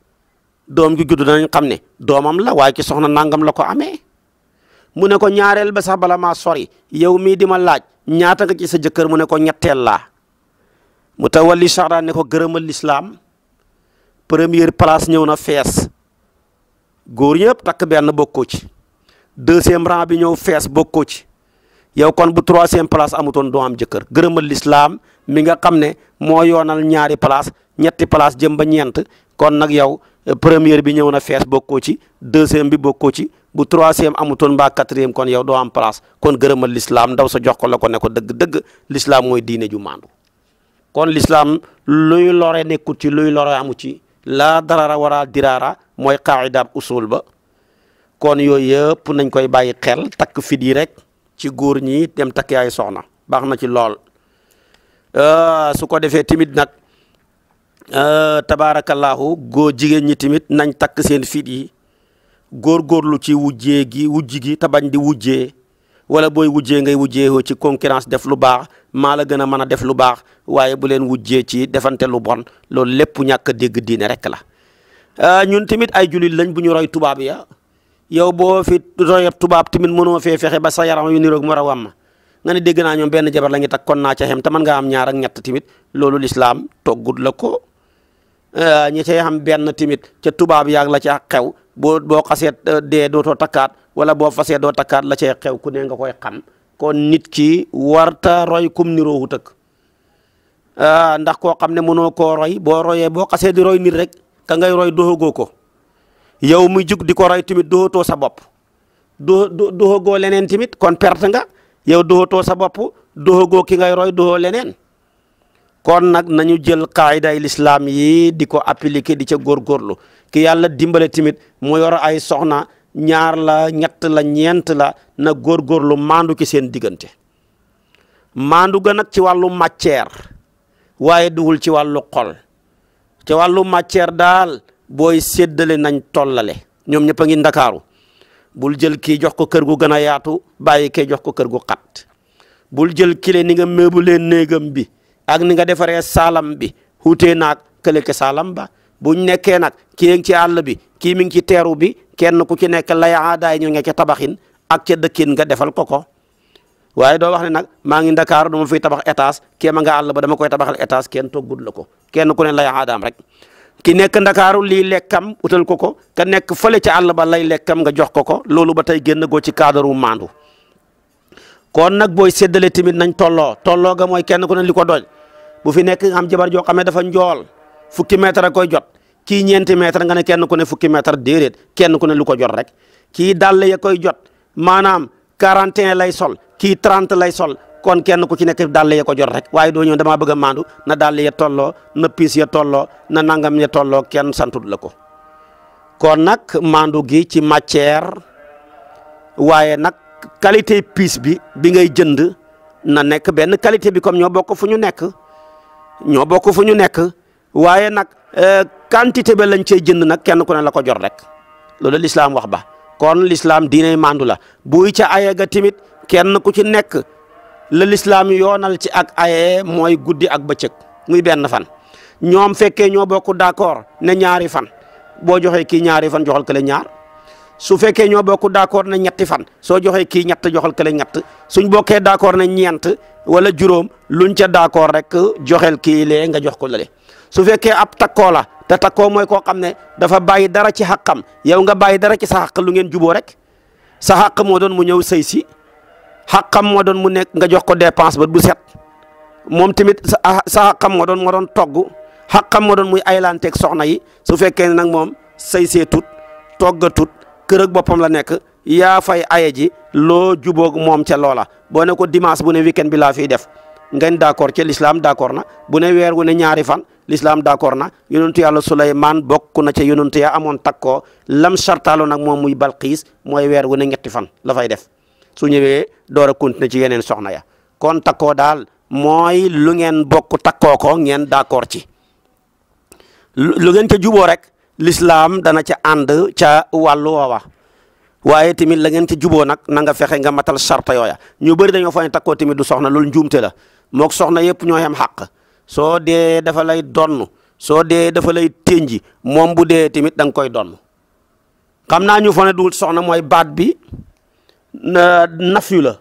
doom gi judd nañ xam ne doomam la waaye ki soxna nangam la ko amee mu ne ko ñaareel ba sax bala maa sori yow mii di ma laaj ñaata nga ci sa jëkkër mu ne ko ñetteel laa mu tawalli saxdaan ne ko gërëmal lislaam première place ñëw na fees góor ñëpp takk benn bokkoo ci deuxième rang bi ñëw fees bokkoo ci yow kon bu troisième place amutoon doo am jëkkër gërëmal lislaam mi nga xam ne moo yoonal ñaari place ñetti place jëm ba ñeent kon nag yow euh, premier bi ñëw na fees bokkoo ci deuxième bi bokkoo ci bu troisième amutoon mbaa quatrième kon yow doo am place kon gërëmal lislaam ndaw sa jox ko la ko ne ko dëgg-dëgg lislaam mooy diine ju maandu kon lislaam luy lore nekkut ci luy lore amu ci la laa darara wara diraara mooy qaa'idaab usul ba kon yooyu yëpp nañ koy bàyyi xel takk fit yi rek ci góor ñi dem takk ay soxna baax na ci lool euh, su ko defee tamit nag euh, tabaarakallaahu góor jigéen ñi tamit nañ takk seen fit yi lu ci wujjee gi wujj gi te bañ di wujjee wala booy wujjee ngay wujjeewoo ci concurrence def lu baax maa la gën a mën a def lu baax waaye bu leen wujjee ci defante lu bon loolu lépp ñàkk a dégg diine rek la euh, ñun tamit ay jullit lañ bu ñu tubaab ya yow boo fi royab tubaab tamit mënoo fee fexe ba sa yaram yu niroog mor a wam nga ne dégg naa ñoom benn jabar la ñu takk kon na ca xem man mën ngaa am ñaar ak ñett tamit loolu lislaam toggut la ko euh, ñi cay xam benn timit ca tubaab yaag la ca xew boo boo xasee euh, dee dootoo takkaat wala boo fasee doo takkaat la cay xew ku nee nga koy xam ko nit ki warta roy kum niroowu tëkk euh, ndax koo xam ne mënoo ko roy boo royee boo xasee di roy nit rek ka ngay roy doxagoo ko yow muy jug di ko roy tamit doxatoo sa bopp do doxagoo leneen tamit kon perte nga yow doxatoo sa bopp doxagoo ki ngay roy doxoo leneen kon nag nañu jël qaayday lislaam yi di ko appliquer di ca góorgóorlu ki yàlla dimbale tamit mu yor ay soxna ñaar la ñett la ñeent la na góorgóorlu maandu ki seen diggante maandu ga nag ci wàllu matière waaye duwul ci wàllu xol ci wàllu matière daal booy seddale nañ tollale ñoom ñëpp a ngi ndakaaru bul jël kii jox ko kër gu gën a yaatu bàyyi kee jox ko kër gu xat bul jël kile ni nga leen néegam bi ak ni nga defaree salam bi xuutee naag kële ke saalam ba buñ nekkee nag kii ngi ci àll bi kii mi ngi ci teeru bi kenn ku ci nekk lay yi ñu nga ca ak ca dëkkin nga defal ko ko waaye doo wax ne nag maa ngi Ndakaaru dama fiy tabax étage kee ma nga àll ba dama koy tabaxal étage kenn toggut la ko kenn ku ne lay aadaam rek ki nekk ndakaaru lii lekkam utal ko ko ka nekk fële ca àll ba lay lekkam nga jox ko ko loolu ba tey génn goo ci cadre wu maandu kon nag booy séddale tamit nañ tolloo tolloo ga mooy kenn ku ne li ko doy bu fi nekk am jabar joo xam ne dafa njool fukki mètre a koy jot ki ñeenti mètre nga ne kenn ku ne fukki mètre déedéet kenn ku ne lu ko jot rek kii dàll ya koy jot maanaam 41 lay sol kii 30 lay sol kon kenn ku ci nekk dàll ya ko jot rek waaye doo ñëw damaa bëgg a maandu na dàll ya tolloo na piis ya tolloo na nangam ya tolloo kenn santudu la ko kon nag maandu gi ci matière waaye nag qualité piis bi bi ngay jënd na nekk benn qualité bi comme ñoo bokk fu ñu nekk ñoo bokk fu ñu nekk waaye nag euh, quantité ba lañ cey jënd nag kenn ku ne la ko jot rek loolu lislaam wax ba kon lislaam diine maandu la buy ca ayaga timit kenn ku ci nekk la lislaam yoonal ci ak aye mooy guddi ak bëccëg muy benn fan ñoom fekkee ñoo bokk d'accord ne ñaari fan boo joxee kii ñaari fan joxal kële ñaar su fekkee ñoo bokk d'accord ne ñetti fan soo joxee kii ñett joxal kële ñett suñ bokkee d'accord ne ñeent wala juróom luñ ca d'accord rek joxel kii le nga jox ko lale su fekkee ab takkoo la te takkoo mooy koo xam ne dafa bàyyi dara ci xàqam yow nga bàyyi dara ci sa xàq lu ngeen juboo rek sa xàq moo doon mu ñëw say si xaqam moo doon mu nekk nga jox ko dépense ba du set moom tamit sa ah, sa xaqam moo doon moo doon togg xaqam moo doon muy aylanteeg soxna yi su fekkee ne nag moom say seetut toggatut kër ak boppam la nekk yaa fay aye ji loo jubook moom ca loola boo ne ko dimanche bu ne weekend bi laa fiy def ngeen d'accord ca l'islam d'accord na bu ne weer wu ne ñaari fan l'islam d'accord na yonentu yàlla Suleymaan bokk na ca yonentu ya amoon takkoo lam sartaalo nag moom muy Balqiis mooy weer wu ne ñetti fan la fay def su ñëwee door a continuer ci yeneen soxna ya kon takkoo daal mooy lu ngeen bokk takkoo ko ngeen d'accord ci lu ngeen ca juboo rek l'islam dana ca ànd ca wàllu woowa waaye tamit la ngeen ca juboo nag na nga fexe nga matal sarta yooya ñu bëri dañoo fa ne takkoo tamit du soxna loolu njuumte la mook soxna yëpp ñoo xem xàq soo dee dafa lay donn soo dee dafa lay ténji moom bu dee tamit da nga koy donn naa ñu fa du soxna mooy baat bi naf yu la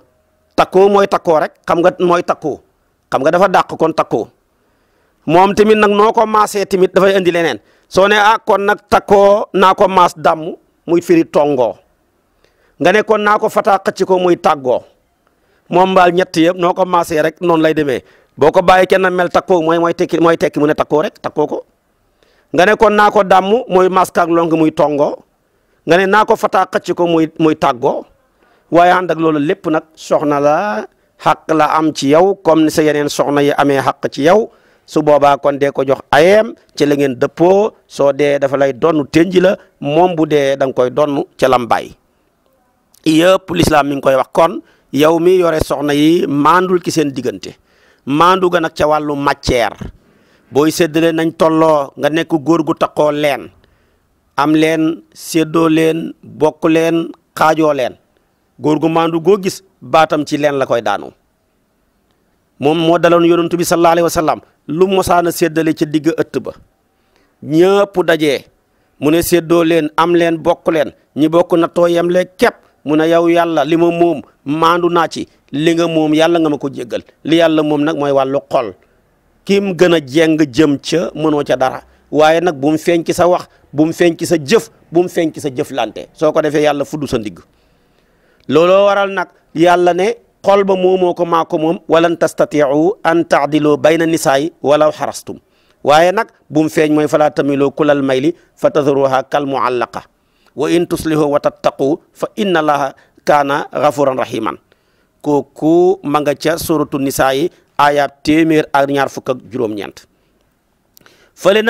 takkoo mooy takkoo rek xam nga mooy takkoo xam nga dafa dàq kon takkoo moom tamit nag noo ko maasee tamit dafay indi leneen soo ne ah kon nag takkoo naa ko maas dàmm muy firi tongoo nga ne kon naa ko fataa xëcc ko muy tàggoo moom mbaal ñett yëpp noo ko maasee rek noonu lay demee boo ko bàyyi kenn mel takkoo mooy mooy tekki mooy tekki mu ne takkoo rek takkoo ko nga ne naa ko dàmm mooy maas muy tongoo nga ne naa ko fataa xëcc ko muy muy tàggoo waaye ànd ak loolu lépp nag soxna la xaq la am ci yow comme sa yeneen soxna yi amee xaq ci yow su boobaa kon dee ko jox ayeem ci la ngeen dëppoo soo dee dafa lay donnu tenji la moom bu dee da nga koy donnu ca lam bàyyi yëpp lislaam mi ngi koy wax kon yow mi yore soxna yi maandul ki seen diggante maandu ga nag ca wàllu matière booy séddale nañ tolloo nga nekk góor gu takkoo leen am leen séddoo leen bokk leen kaajoo leen góor gu maandu goo gis baatam ci leen la koy daanu moom moo daloon yonent bi sallallahu alayhi wa sallam lu mosaana séddale ca digg ëtt ba ñëpp daje mu ne seddoo leen am leen bokk leen ñi bokk na too yemle képp mu ne yow yàlla li ma moom maandu naa ci li nga moom yàlla nga ma ko jéggal li yàlla moom nag mooy wàllu xol kim gën a jeng jëm ca mënoo ca dara waaye nag bu mu feeñ ci sa wax bu mu feeñ ci sa jëf bu mu feeñ sa jëflante soo ko defee yàlla fuddu sa ndigg looloo waral nag yàlla ne xol ba moomoo ko maa ko moom walan tastatiu an taadiloo bayna nisaay walaw xarastum waaye nag bu mu feeñ mooy falaa tamiloo kulal mayli fa tadaruha kal muallaqa wa in tuslihu wa tattaqu fa inna allaha kaana gafuran rahiman kooku ma nga ca yi ayaab téeméer ak ñaar fukk ak juróom-ñeent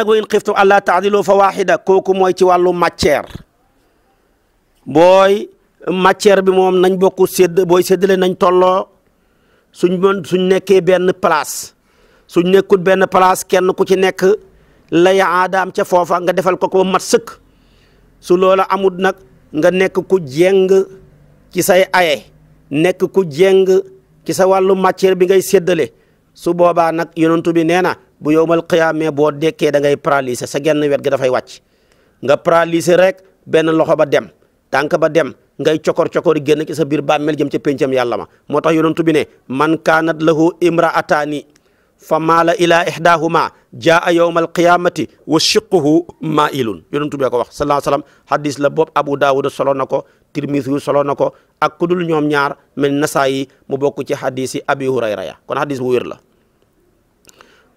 wa in xiftum allaa taadiloo fa waaxida kooku mooy ci wàllu matière booy matière bi moom nañ bokk sédd booy séddale nañ tolloo suñ mën suñ nekkee benn place suñ nekkul benn place kenn ku ci nekk lay aadaam ca foofa nga defal ko ko mat sëkk su loola amut nag nga nekk ku jeng ci say aye nekk ku jeng ci sa wàllu matière bi ngay séddale su boobaa nag yonentu bi nee na bu yowmal qiyaamee boo dekkee da ngay paralysé sa genn wet gi dafay wàcc nga paralysé rek benn loxo ba dem tànk ba dem ngay cokor-cokori génn ci sa biir bàmmeel jëm ca péncam yàlla ma moo tax yonentu bi ne man kaanat lahu imraatani fa maala ila ihdahuma jaa yawma alqiyamati wa shiquhu mailun yonentu bee ko wax sallallahu alayhi hadis la boobu Abu Dawud solo na ko Tirmidhi yu solo na ko ak ku dul ñoom ñaar mel Nasaayi mu bokk ci hadis yi Abi Hurayra kon hadis bu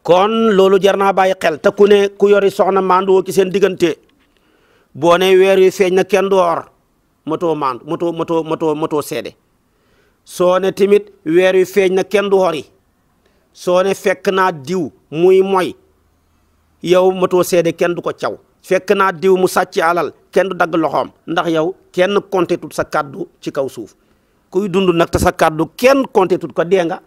kon loolu jar naa bàyyi xel te ku ne ku yori soxna maandu woo ci diggante boo ne weer yu feeñ na kenn du matoo maandu matoo matoo matoo matoo seede soo ne tamit weer wi feeñ na kenn du xori soo ne fekk naa diw muy moy yow matoo seede kenn du ko caw fekk naa diw mu sàcc alal kenn du dagg loxoom ndax yow kenn compté tut sa kàddu ci kaw suuf kuy dund nag te sa kàddu kenn compté tut ko dee nga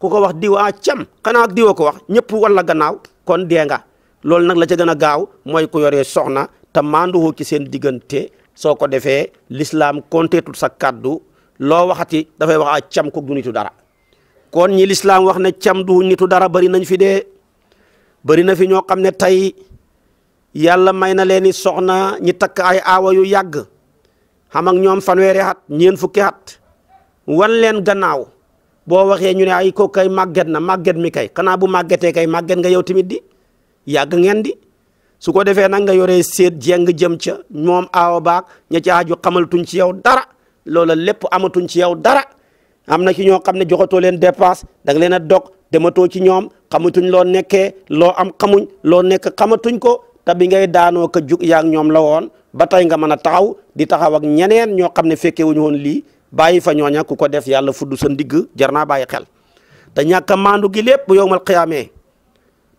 ku ko wax diw a ah, cam xanaa ak ko wax ñëpp wala gannaaw kon dee nga loolu nag la ca gën a gaaw mooy ku yoree soxna te maandu woo ci seen diggante soo ko defee l'islam konteetut sa kàddu loo waxati dafay wax a cam ko du nitu dara kon ñi l'islam wax na cam du nitu dara bari nañ fi dee bari na fi ñoo xam ne tey yàlla may na leen i soxna ñi takk ay aawa yu yàgg xam ak ñoom fanweeri at ñeen fukki at wan leen gannaaw boo waxee ñu ne ay ko kay màgget na màgget mi kay xanaa bu màggetee kay màgget nga yow tamit di yàgg ngeen di su ko defee nag nga yoree seet jeng jëm ca moom aawa baak ña ca aju xamaltuñ ci yow dara loola lépp amatuñ ci yow dara am na ci ñoo xam ne joxatoo leen dépense da nga leen a dog dematoo ci ñoom xamatuñ loo nekkee loo am xamuñ loo nekk xamatuñ ko te bi ngay daanoo ka jug yaag ñoom la woon ba tey nga mën a taxaw di taxaw ak ñeneen ñoo xam ne fekkee wuñu woon lii bàyyi fa ñoo ku ko def yàlla fuddu sa ndigg jar naa bàyyi xel te ñàkk a maandu gi lépp bu yowmal xiyaamee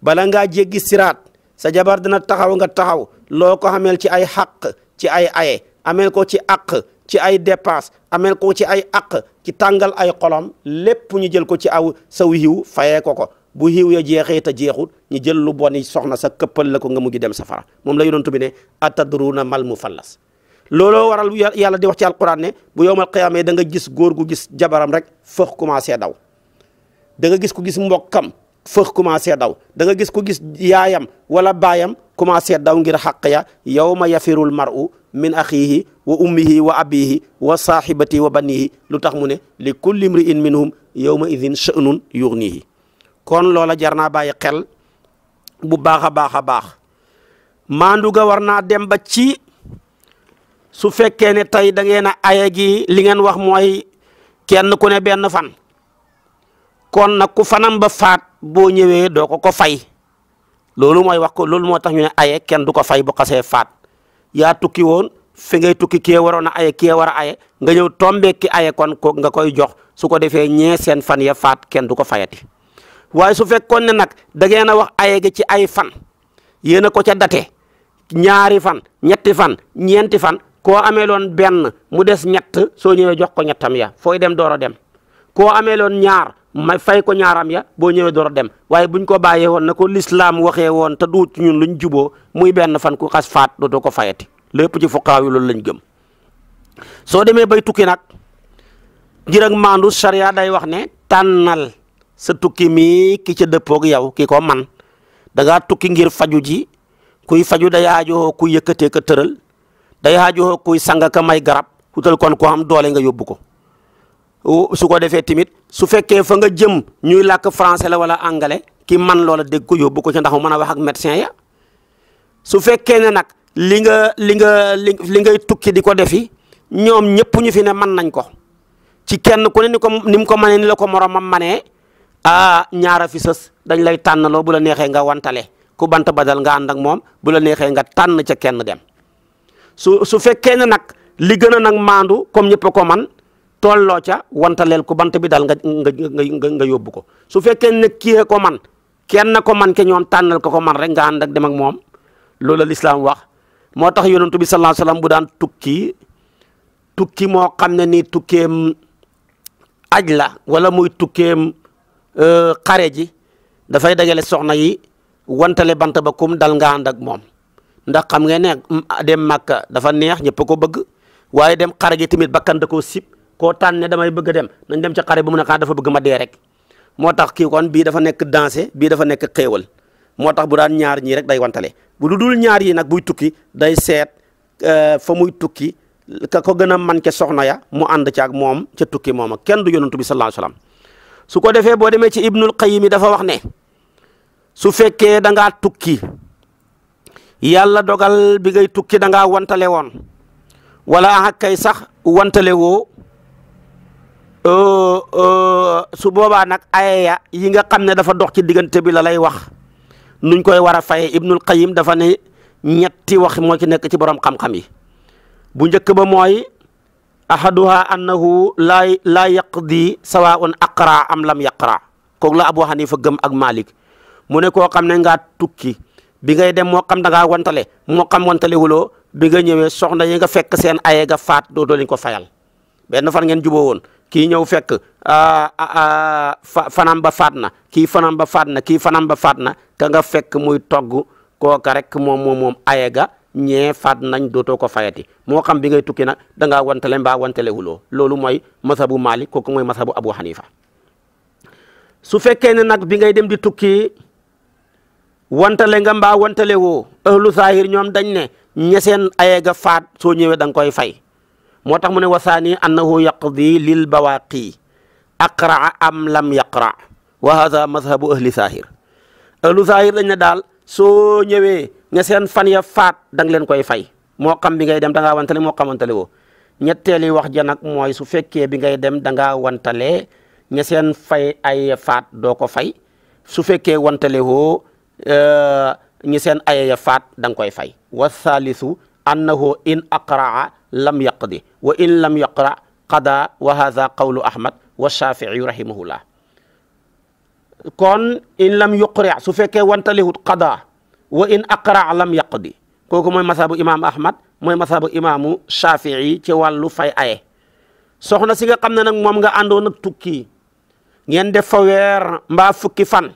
bala ngaa jéggi siraat sa jabar dina taxaw nga taxaw loo ko ameel ci ay xàq ci ay aye amel ko ci àq ci ay dépense amel ko ci ay àq ci tàngal ay xolom lépp ñu jël ko ci aw saw hiw fayee ko ko bu hiw ya jeexee te jeexul ñu jël lu boni soxna sa këppal la ko nga mujj dem safara moom la yonent bi ne atadruuna mal mufallas looloo waral yàlla di wax ci alquran ne bu yowmal qiyaamee da nga gis góor gu gis jabaram rek fëx commencé daw da nga gis ku gis mbokkam fëx commencé daw danga gis ku gis yaayam wala baayam commencé daw ngir xàq ya yawma yafirul mar'u min axiihi wa ummihi wa abihi wa saaxibati wa banihi lu tax mu ne li kulli imri'in minhum yawma idin sha'nun yughnihi kon loola jar naa bàyyi xel bu baax a baax a baax maandu ga war naa dem ba ci su fekkee ne tey da ngeen a aye gi li ngeen wax mooy kenn ku ne benn fan kon nag ku fanam ba faat boo ñëwee doo ko ko fay loolu mooy wax ko loolu moo tax ñu ne aye kenn du ko fay boo kasee faat yaa tukki woon fi ngay tukki kee waroon a aye kee war a aye nga ñëw tombee ki aye kon ko nga koy jox su ko defee ñee seen fan ya faat kenn du ko fayati waaye su fekkoon ne nag da ngeen a wax aye gi ci ay fan yéen a ko ca date ñaari fan ñetti fan ñeenti fan ko amee loon benn mu des ñett soo ñëwee jox ko ñettam ya fooy dem door a dem koo amee loon ñaar ma fay ko ñaaram ya boo ñëwee doro dem waaye buñ ko bàyyee woon na ko lislaam waxee woon te duut ci ñun luñ juboo muy benn fan ku xas faat dootoo ko fayati lépp ci fuqaaw yi loolu lañ gëm soo demee bay tukki nag ngir ak maandu charia day wax ne tànnal sa tukki mii ki ca dëppook yow ki ko man da tukki ngir faju ji kuy faju day aajoo kuy yëkkatee ka tëral day aajoo kuy sanga ka may garab utal kon ku am doole nga yóbbu ko su ko defee tamit su fekkee fa nga jëm ñuy làkk français la wala anglais ki man loola dégg ko yóbbu ko ci ndax mu mën a médecin ya su fekkee ne nag li nga li nga li li ngay tukki di ko defi ñoom ñëpp ñu fi ne mën nañ ko ci kenn ku ne ni ko ni mu ko mënee ni la ko moromam manee ah ñaara fi sës dañ lay tànnaloo bu la neexee nga wantale ku bant badal nga ànd moom bu la neexee nga tànn ca kenn dem su su fekkee ne nag li gën a nag maandu comme ñëpp ko man tolloo ca wantaleel ku bant bi daal nga nga nga nga yóbbu ko su fekkee ne kii ko man kenn ko man ke ñoom tànnal ko ko man rek nga ànd ak dem ak moom loolu lislaam wax moo tax yonentu bi sallallahu alayhi wasallam bu daan tukki tukki moo xam ne nii tukkeem aj la wala muy tukkeem euh, xare ji dafay dagale soxna yi wantale bant ba kum dal nga ànd moom ndax xam nga ne mm, dem Makka dafa neex ñëpp ko bëgg waaye dem xare ji tamit bakkan da koo sib koo tànn ne damay bëgg dem nañ dem ca xare ba mu ne xanaa dafa bëgg ma dee rek moo tax kii kon bii dafa nekk dansé bii dafa nekk xéewal moo tax bu daan ñaar ñii rek day wantale bu lu dul ñaar yi nag buy tukki day seet euh, fa muy tukki ka ko gën a man ca soxna ya mu ànd ca ak moom ca tukki moom ak kenn du yonantu bi sallallahu alayhi wasallam su ko defee boo demee ci ibnul qayyim dafa wax ne su fekkee danga tukki yàlla dogal bi ngay tukki da ngaa wantale woon wala ah kay sax wantale woo Euh, euh, su boobaa nag ayaya yi nga xam ne dafa dox ci diggante bi la lay wax nuñ koy war a faye Ibnul Qayyim dafa ne ñetti wax moo ci nekk ci borom xam-xam yi bu njëkk ba mooy ahaduha annahu laa laa yaqdi sawaun aqra am lam yaqra kooku la Abu Hanifa gëm ak Malik mu ne koo xam ne ngaa tukki bi ngay dem moo xam da ngaa wantale moo xam wantale wuloo bi nga ñëwee soxna yi nga fekk seen aye ga faat dootoo lañ ko fayal benn far ngeen juboo woon kii ñëw fekk fanam ba faat na kii fanam ba faat na kii fanam ba faat na ka nga fekk muy togg kooka rek moom moom moom ayega ñee faat nañ dootoo ko fayati moo xam bi ngay tukki nag da ngaa wantale mbaa wantale wuloo loolu mooy masabu Malik kooku mooy masabu Abu Hanifa su fekkee ne nag bi ngay dem di tukki wantale nga mbaa wantale woo ahlu zahir ñoom dañ ne ñeseen ayega faat soo ñëwee da nga koy fay moo tax mu ne wasaani annahu yaqdi lil bawaqi aqraa am lam yaqra wa hada mazhabu ahli zahir ahlu zahir dañ ne daal soo ñëwee nga seen fan ya faat da leen koy fay moo xam bi ngay dem da ngaa wantale moo xamantale woo ñetteeli wax ja nag mooy su fekkee bi ngay dem da wantale ña seen fay ay faat doo ko fay su fekkee wantale woo eh, ñi seen ay faat da nga koy fay wa thalithu in aqraa lam yaqdi wa in lam yaqra qada wa hadha qawlu ahmad wa shafii rahimahullah kon in lam yuqri su fekkee wantalihut kada wa in aqra lam yaqdi kooku mooy masabu imam ahmad mooy masabu imaamu shafii ci wàllu fay aye soxna si nga xam ne nag moom nga àndoon ak tukki ngeen def fa weer mbaa fukki fan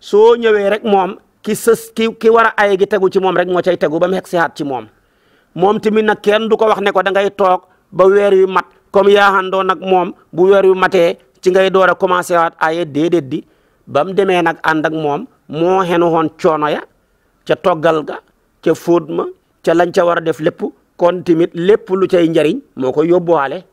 soo ñëwee rek moom ki sës ki ki war a aye gi tegu ci moom rek moo cay tegu ba mu xeg si haat ci moom moom tamit nag kenn du ko wax ne ko dangay toog ba weer wi mat comme yaa àndoon nag moom bu weer wi matee ci ngay door a commencé waat aye déedéet di ba mu demee nag ànd ak moom moo xenu woon coono ya ca toggal ga ca fóot ma ca lañ ca war a def lépp kon tamit lépp lu cay njariñ moo ko yóbbuwaale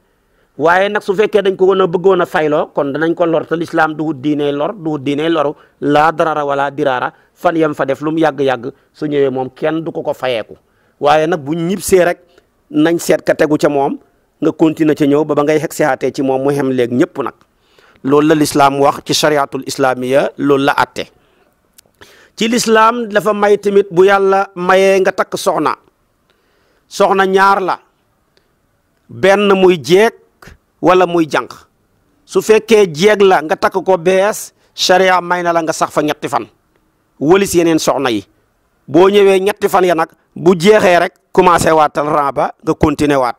waaye nag su fekkee dañ ko gën a bëggoon a fayloo kon danañ ko lor te lislaam du diiney lor du diiney loru laa darara wala diraara fan yam fa def lu mu yàgg-yàgg su ñëwee moom kenn du ko ko fayeeku waaye nag bu ñib see rek nañ seet ka tegu ca moom nga continuer ca ñëw ba ba ngay xeg seexaatee ci moom mu xem léegi ñëpp nag loolu la lislaam wax ci chariatul islaamiya loolu la atte ci lislaam dafa may tamit bu yàlla mayee nga takk soxna soxna ñaar la benn muy jeeg wala muy jànq su fekkee jeeg la nga takk ko bees charia may na la nga sax fa ñetti fan wëlis yeneen soxna yi boo ñëwee ñetti fan ya nag bu jeexee rek commencé waatal rang ba nga continuer waat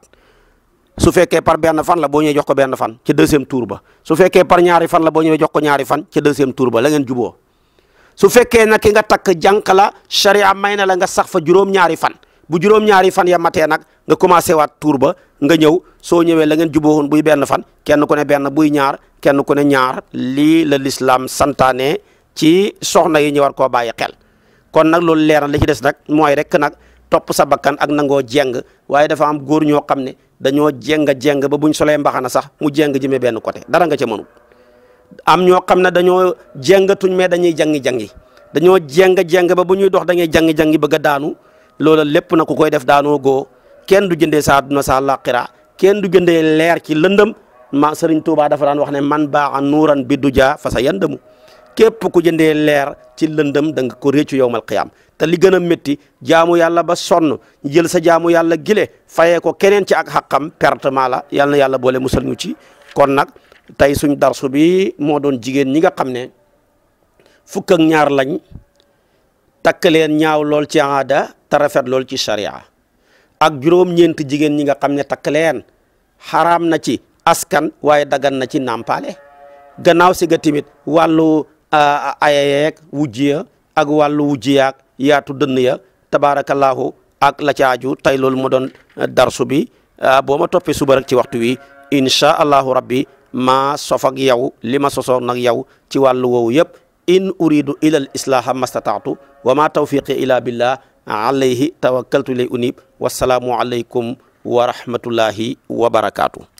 su fekkee par benn fan la boo ñëwee jox ko benn fan ci deuxième tour ba su fekkee par ñaari fan la boo ñëwee jox ko ñaari fan ci deuxième ba la ngeen juboo su fekkee nag ki nga takk jànq la charia may na la nga sax fa juróom-ñaari fan bu juróom-ñaari fan ya matee nag nga commencé waat tour ba nga ñëw soo ñëwee la ngeen juboo woon buy benn fan kenn ku ne benn buy ñaar kenn ku ne ñaar lii la lislaam santaane ci soxna yi ñu war koo bàyyi xel kon nag loolu leer na li ci des nag mooy rek nag topp sa bakkan ak nangoo jeng waaye dafa am góor ñoo xam ne dañoo jeng jeng ba buñ solee mbaxana sax mu jeng jëmee benn côté dara nga ca mënul am ñoo xam ne dañoo jengatuñ mais dañuy jangi jangi dañoo jeng jeng ba bu ñuy dox da ngay jangi jangi bëgg a daanu loola lépp na ku koy def daanoo goo kenn du jëndee sa àdduna sa làqira kenn du jëndee leer ci lëndëm ma Sëriñ Tuubaa dafa daan wax ne man baaxa nuuran bi du jaa fa sa yandamu képp ku jëndee leer ci lëndëm da nga ko réccu yowmal qiyaam te li gën a métti jaamu yàlla ba sonn jël sa jaamu yàlla gile fayee ko keneen ci ak xaqam pertement la yal yàlla boole musal ñu ci kon nag tey suñ darsu bi moo doon jigéen ñi nga xam ne fukk ñaar lañ takk leen ñaaw lool ci aada te rafet lool ci sharia ak juróom-ñeent jigéen ñi nga xam ne takk leen xaraam na ci askan waaye dagan na ci nàmpaale gannaaw si ga timit wàllu ayayeeg wujjiya ak wàllu wujjiyaak yaatu dënn ya tabaarakallaahu ak la caaju tey loolu mu doon eh, darsu bi boo ma toppee suba rek ci waxtu wi incha allahu rabbi maa sof ak yow li ma sosoon nag yow ci wàllu woowu yëpp in uridu ila al islaaha mastataatu wa ma tawfiqi ila billah alayhi tawakkaltu lay unib wasalaamu aleykum wa rahmatullahi wa barakaatu